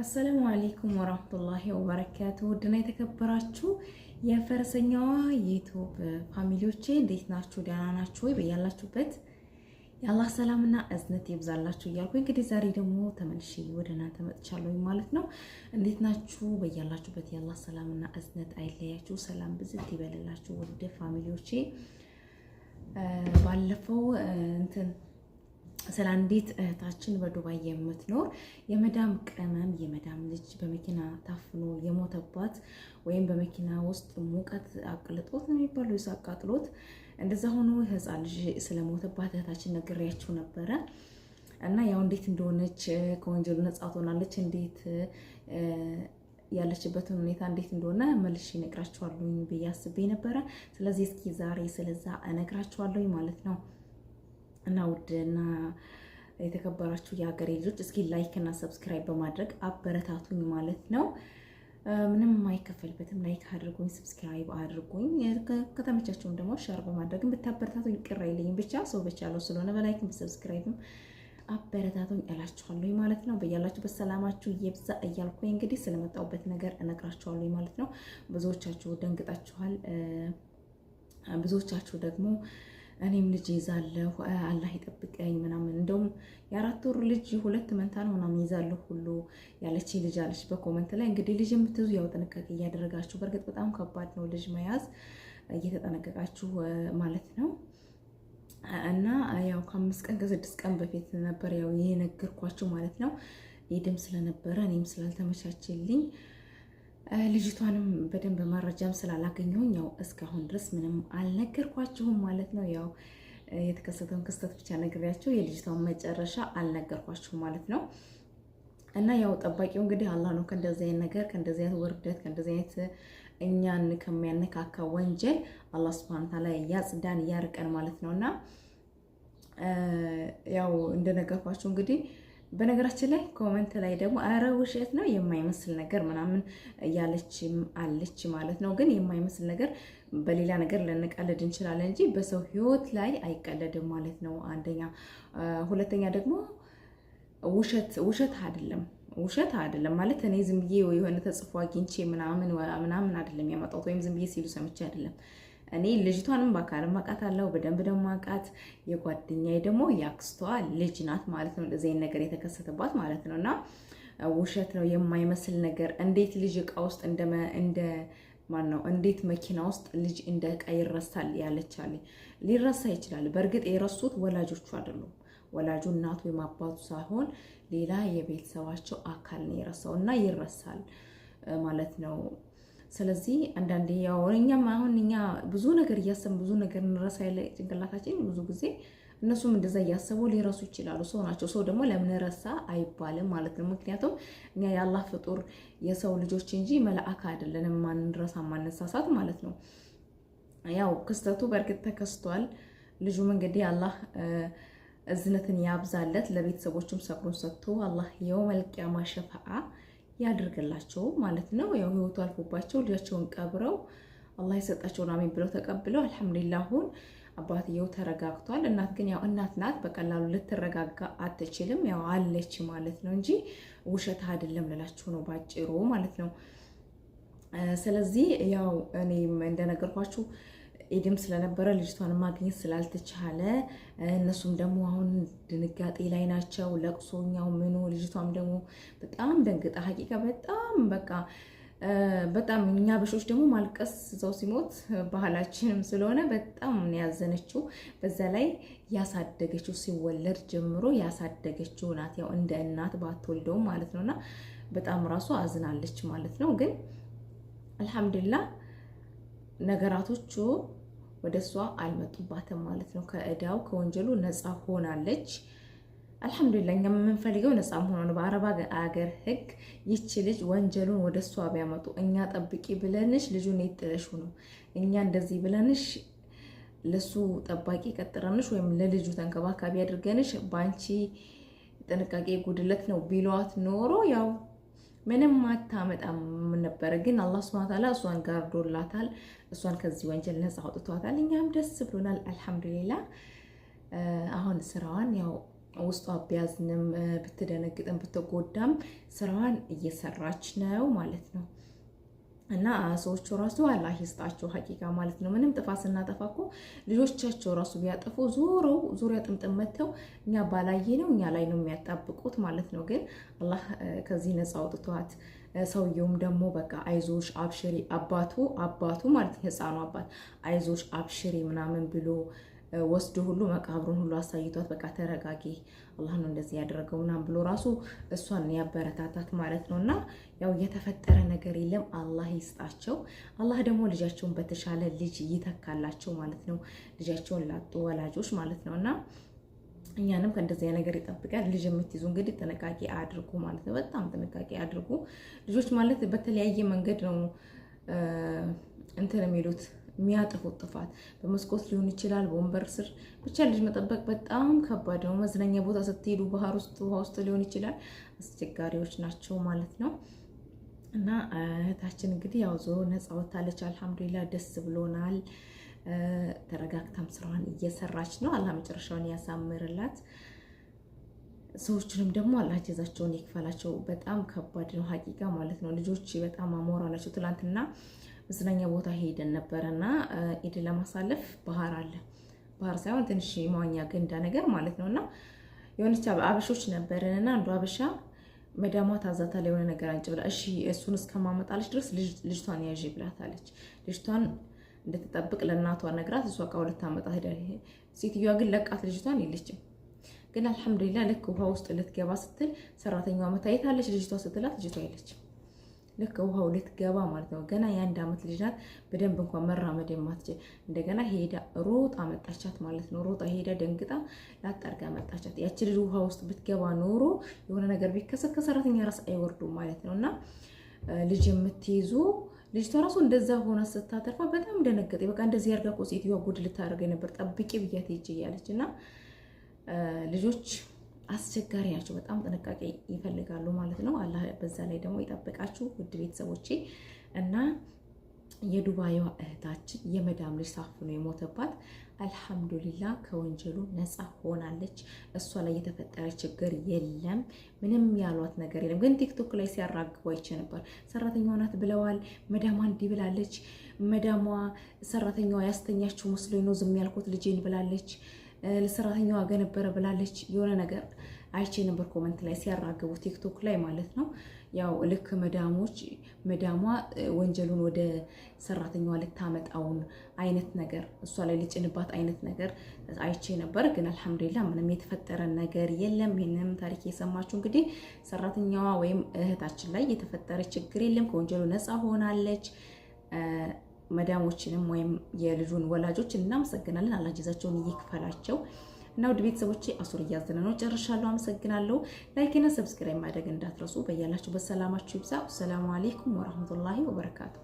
አሰላሙ አሌይኩም ወራህመቱላሂ ወበረካቱ። ውድና የተከበራችሁ የፈረሰኛዋ የኢትዮ ፋሚሊዎቼ እንዴት ናችሁ? ደህና ናችሁ ወይ? በያላችሁበት የአላህ ሰላምና እዝነት ይብዛላችሁ እያልኩ እንግዲህ ዛሬ ደግሞ ተመልሼ ወደ እናንተ መጥቻለሁ ማለት ነው። እንዴት ናችሁ? በያላችሁበት የአላህ ሰላምና እዝነት አይለያችሁ፣ ሰላም ብዝት ይበልላችሁ ወደ ፋሚሊዎቼ ባለፈው እንትን ስለ አንዲት እህታችን በዱባይ የምትኖር የመዳም ቅመም የመዳም ልጅ በመኪና ታፍኖ የሞተባት ወይም በመኪና ውስጥ ሙቀት አቅልጦት ነው የሚባለው አቃጥሎት እንደዛ ሆኖ ህፃን ልጅ ስለሞተባት እህታችን ነግሬያችሁ ነበረ እና ያው እንዴት እንደሆነች ከወንጀሉ ነጻ ትሆናለች እንዴት ያለችበትን ሁኔታ እንዴት እንደሆነ መልሼ እነግራችኋለሁ ብዬ አስቤ ነበረ። ስለዚህ እስኪ ዛሬ ስለዛ እነግራችኋለሁ ማለት ነው። እና ውድና የተከበራችሁ የሀገሬ ልጆች እስኪ ላይክ እና ሰብስክራይብ በማድረግ አበረታቱኝ ማለት ነው። ምንም የማይከፈልበትም ላይክ አድርጉኝ፣ ሰብስክራይብ አድርጉኝ። ከተመቻቸውም ደግሞ ሸር በማድረግም ብታበረታቱኝ ቅር አይለኝም። ብቻ ሰው በቻለው ስለሆነ በላይክም በሰብስክራይብም አበረታቱኝ እላችኋለሁ ማለት ነው። በያላችሁ በሰላማችሁ የብዛ እያልኩኝ እንግዲህ ስለመጣሁበት ነገር እነግራችኋለሁ ማለት ነው። ብዙዎቻችሁ ደንግጣችኋል፣ ብዙዎቻችሁ ደግሞ እኔም ልጅ ይዛለሁ አላህ ይጠብቀኝ ምናምን እንደውም የአራት ወር ልጅ ሁለት መንታ ነው ምናምን ይዛለሁ ሁሉ ያለች ልጅ አለች በኮመንት ላይ እንግዲህ ልጅ የምትይዙ ያው ጥንቃቄ እያደረጋችሁ በእርግጥ በጣም ከባድ ነው ልጅ መያዝ እየተጠነቀቃችሁ ማለት ነው እና ያው ከአምስት ቀን ከስድስት ቀን በፊት ነበር ያው የነገርኳችሁ ማለት ነው ይድም ስለነበረ እኔም ስላልተመቻችልኝ ልጅቷንም በደንብ መረጃም ስላላገኘሁኝ ያው እስካሁን ድረስ ምንም አልነገርኳችሁም ማለት ነው። ያው የተከሰተውን ክስተት ብቻ ነግሬያቸው የልጅቷን መጨረሻ አልነገርኳችሁም ማለት ነው። እና ያው ጠባቂው እንግዲህ አላህ ነው። ከእንደዚህ አይነት ነገር ከእንደዚህ አይነት ውርደት ከእንደዚህ አይነት እኛን ከሚያነካካ ወንጀል አላህ ሱብሃነሁ ወተዓላ ያጽዳን ያርቀን ማለት ነው። እና ያው እንደነገርኳችሁ እንግዲህ በነገራችን ላይ ኮመንት ላይ ደግሞ አረ ውሸት ነው የማይመስል ነገር ምናምን እያለች አለች ማለት ነው። ግን የማይመስል ነገር በሌላ ነገር ልንቀልድ እንችላለን እንጂ በሰው ሕይወት ላይ አይቀለድም ማለት ነው። አንደኛ፣ ሁለተኛ ደግሞ ውሸት ውሸት አይደለም ውሸት አይደለም ማለት እኔ ዝም ብዬ የሆነ ተጽፎ አግኝቼ ምናምን ምናምን አይደለም ያመጣሁት ወይም ዝም ብዬ ሲሉ ሰምቼ አይደለም እኔ ልጅቷንም በአካልም አውቃታለሁ፣ በደንብ ደግሞ አውቃት። የጓደኛዬ ደግሞ ያክስቷ ልጅ ናት ማለት ነው። እንደዚህ ነገር የተከሰተባት ማለት ነው። እና ውሸት ነው የማይመስል ነገር እንዴት ልጅ እቃ ውስጥ እንደ ማን ነው እንዴት መኪና ውስጥ ልጅ እንደ እቃ ይረሳል? ያለቻለ ሊረሳ ይችላል። በእርግጥ የረሱት ወላጆቹ አይደሉም። ወላጁ እናቱ ወይም አባቱ ሳይሆን ሌላ የቤተሰባቸው አካል ነው የረሳው እና ይረሳል ማለት ነው። ስለዚህ አንዳንዴ ያው እኛም አሁን እኛ ብዙ ነገር እያሰብን ብዙ ነገር እንረሳ ያለ ጭንቅላታችን ብዙ ጊዜ እነሱም እንደዛ እያሰቡ ሊረሱ ይችላሉ። ሰው ናቸው። ሰው ደግሞ ለምንረሳ አይባልም ማለት ነው። ምክንያቱም እኛ የአላህ ፍጡር የሰው ልጆች እንጂ መልአክ አይደለን። ማንረሳ ማነሳሳት ማለት ነው። ያው ክስተቱ በእርግጥ ተከስቷል። ልጁም እንግዲህ አላህ እዝነትን ያብዛለት፣ ለቤተሰቦችም ሰብሩን ሰጥቶ አላህ የውመል ቂያማ ሸፋዓ ያድርግላቸው ማለት ነው። ያው ህይወቱ አልፎባቸው ልጃቸውን ቀብረው አላህ የሰጣቸውን አሜን ብለው ተቀብለው አልሐምዱሊላ አሁን አባትየው ተረጋግቷል። እናት ግን ያው እናት ናት፣ በቀላሉ ልትረጋጋ አትችልም። ያው አለች ማለት ነው እንጂ ውሸት አይደለም ልላችሁ ነው ባጭሩ ማለት ነው። ስለዚህ ያው እኔም እንደነገርኳችሁ ኢድም ስለነበረ ልጅቷን ማግኘት ስላልተቻለ እነሱም ደግሞ አሁን ድንጋጤ ላይ ናቸው። ለቅሶኛው ምኑ ልጅቷም ደግሞ በጣም ደንግጣ ሀቂቃ በጣም በቃ በጣም እኛ በሾች ደግሞ ማልቀስ ሰው ሲሞት ባህላችንም ስለሆነ በጣም ያዘነችው በዛ ላይ ያሳደገችው ሲወለድ ጀምሮ ያሳደገችው ናት። ያው እንደ እናት ባትወልደውም ማለት ነውና በጣም ራሱ አዝናለች ማለት ነው። ግን አልሐምዱሊላህ ነገራቶቹ ወደ እሷ አልመጡባትም ማለት ነው። ከእዳው ከወንጀሉ ነፃ ሆናለች። አልሐምዱሊላ እኛ የምንፈልገው ነፃ መሆኗ ነው። በአረባ አገር ህግ ይቺ ልጅ ወንጀሉን ወደ እሷ ቢያመጡ እኛ ጠብቂ ብለንሽ ልጁን የጥለሹ ነው እኛ እንደዚህ ብለንሽ ለሱ ጠባቂ ቀጥረንሽ ወይም ለልጁ ተንከባካቢ አድርገንሽ በአንቺ ጥንቃቄ ጉድለት ነው ቢሏት ኖሮ ያው ምንም አታመጣም ነበረ። ግን አላህ ሱብሃነሁ ወተዓላ እሷን ጋርዶላታል። እሷን ከዚህ ወንጀል ነጻ አውጥቷታል። እኛም ደስ ብሎናል። አልሐምዱሊላ አሁን ስራዋን ያው ውስጧ ቢያዝንም ብትደነግጥም ብትጎዳም ስራዋን እየሰራች ነው ማለት ነው። እና ሰዎቹ ራሱ አላህ ይስጣቸው ሀቂቃ ማለት ነው። ምንም ጥፋት ስናጠፋ እኮ ልጆቻቸው ራሱ ቢያጠፉ ዞሮ ዙሪያ ጥምጥም መጥተው እኛ ባላየ ነው እኛ ላይ ነው የሚያጣብቁት ማለት ነው። ግን አላህ ከዚህ ነፃ አውጥቷት ሰውየውም ደግሞ በቃ አይዞሽ አብሽሪ አባቱ አባቱ ማለት የህፃኑ አባት አይዞሽ አብሽሪ ምናምን ብሎ ወስዶ ሁሉ መቃብሩን ሁሉ አሳይቷት በቃ ተረጋጊ፣ አላህ ነው እንደዚህ ያደረገው ምናምን ብሎ ራሱ እሷን ያበረታታት ማለት ነው። እና ያው የተፈጠረ ነገር የለም አላህ ይስጣቸው። አላህ ደግሞ ልጃቸውን በተሻለ ልጅ ይተካላቸው ማለት ነው። ልጃቸውን ላጡ ወላጆች ማለት ነው እና እኛንም ከእንደዚህ ነገር ይጠብቃል። ልጅ የምትይዙ እንግዲህ ጥንቃቄ አድርጉ ማለት ነው። በጣም ጥንቃቄ አድርጉ። ልጆች ማለት በተለያየ መንገድ ነው እንትን የሚሉት የሚያጠፉት ጥፋት በመስኮት ሊሆን ይችላል፣ በወንበር ስር ብቻ ልጅ መጠበቅ በጣም ከባድ ነው። መዝናኛ ቦታ ስትሄዱ ባህር ውስጥ ውሃ ውስጥ ሊሆን ይችላል። አስቸጋሪዎች ናቸው ማለት ነው። እና እህታችን እንግዲህ ያው ዞሮ ነፃ ወታለች። አልሐምዱሊላ ደስ ብሎናል። ተረጋግታም ስራዋን እየሰራች ነው። አላህ መጨረሻውን ያሳምርላት። ሰዎችንም ደግሞ አላህ ጀዛቸውን ይክፈላቸው። በጣም ከባድ ነው ሀቂቃ ማለት ነው። ልጆች በጣም አሞራ ናቸው። ትላንትና መዝናኛ ቦታ ሄደን ነበረ እና ኢድ ለማሳለፍ ባህር አለ ባህር ሳይሆን ትንሽ የመዋኛ ገንዳ ነገር ማለት ነው እና የሆነች አበሾች ነበረን እና አንዱ አበሻ መዳሟ ታዛታ ላይ የሆነ ነገር አንጭ ብላ እሺ እሱን እስከማመጣለች ድረስ ልጅቷን ያዥ ብላታለች። ልጅቷን እንድትጠብቅ ለእናቷ ነግራት እሷ ቃ ሁለት ዓመጣ ሄዳ ሴትዮዋ ግን ለቃት ልጅቷን የለችም። ግን አልሐምዱሊላ ልክ ውሃ ውስጥ ልትገባ ስትል ሰራተኛዋ መታየታለች ልጅቷ ስትላት ልጅቷ የለችም። ልክ ውሃው ልትገባ ማለት ነው። ገና የአንድ ዓመት ልጅ ናት። በደንብ እንኳን መራመድ የማትችል እንደገና ሄዳ ሮጣ መጣቻት ማለት ነው። ሮጣ ሄዳ ደንግጣ ላጣርጋ አመጣቻት። ያች ልጅ ውሃ ውስጥ ብትገባ ኖሮ የሆነ ነገር ቢከሰት ከሰራተኛ ራስ አይወርዱም ማለት ነው እና ልጅ የምትይዙ ልጅቷ ራሱ እንደዛ ሆና ስታተርፋ በጣም ደነገጠ። በቃ እንደዚህ ያርጋ እኮ ሴትዮዋ ጉድ ልታደርገኝ ነበር ጠብቂ ብያት ሂጅ እያለች እና ልጆች አስቸጋሪ ናቸው። በጣም ጥንቃቄ ይፈልጋሉ ማለት ነው። አላህ በዛ ላይ ደግሞ ይጠብቃችሁ ውድ ቤተሰቦቼ እና የዱባይዋ እህታችን የመዳም ልጅ ሳፍኖ የሞተባት አልሐምዱሊላ ከወንጀሉ ነፃ ሆናለች። እሷ ላይ የተፈጠረ ችግር የለም። ምንም ያሏት ነገር የለም። ግን ቲክቶክ ላይ ሲያራግቡ አይቼ ነበር። ሰራተኛዋ ናት ብለዋል። መዳሟ እንዲህ ብላለች። መዳሟ ሰራተኛዋ ያስተኛችው መስሎኝ ነው ዝም ያልኩት ልጄን ብላለች። ለሰራተኛዋ ዋጋ ነበረ ብላለች። የሆነ ነገር አይቼ ነበር ኮመንት ላይ ሲያራግቡ ቲክቶክ ላይ ማለት ነው። ያው ልክ መዳሞች መዳሟ ወንጀሉን ወደ ሰራተኛዋ ልታመጣውን አይነት ነገር እሷ ላይ ልጭንባት አይነት ነገር አይቼ ነበር። ግን አልሐምዱሊላ ምንም የተፈጠረ ነገር የለም። ይህንም ታሪክ የሰማችሁ እንግዲህ ሰራተኛዋ ወይም እህታችን ላይ የተፈጠረ ችግር የለም። ከወንጀሉ ነፃ ሆናለች። መዳሞችንም ወይም የልጁን ወላጆች እናመሰግናለን። አላህ ጀዛቸውን ይክፈላቸው። እና ውድ ቤተሰቦቼ አሱር እያዘነ ነው። ጨርሻለሁ። አመሰግናለሁ። ላይክና ሰብስክራይብ ማድረግ እንዳትረሱ። በያላችሁ በሰላማችሁ ይብዛ። ሰላሙ አሌይኩም ወረህመቱላሂ ወበረካቱ